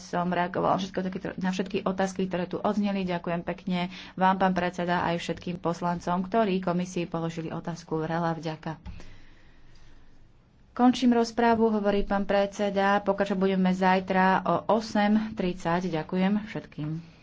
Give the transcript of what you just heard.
som reagovala všetko, na všetky otázky, ktoré tu odzneli. Ďakujem pekne vám, pán predseda, aj všetkým poslancom, ktorí komisii položili otázku. Veľa vďaka. Končím rozprávu, hovorí pán predseda. Pokračovať budeme zajtra o 8.30. Ďakujem všetkým.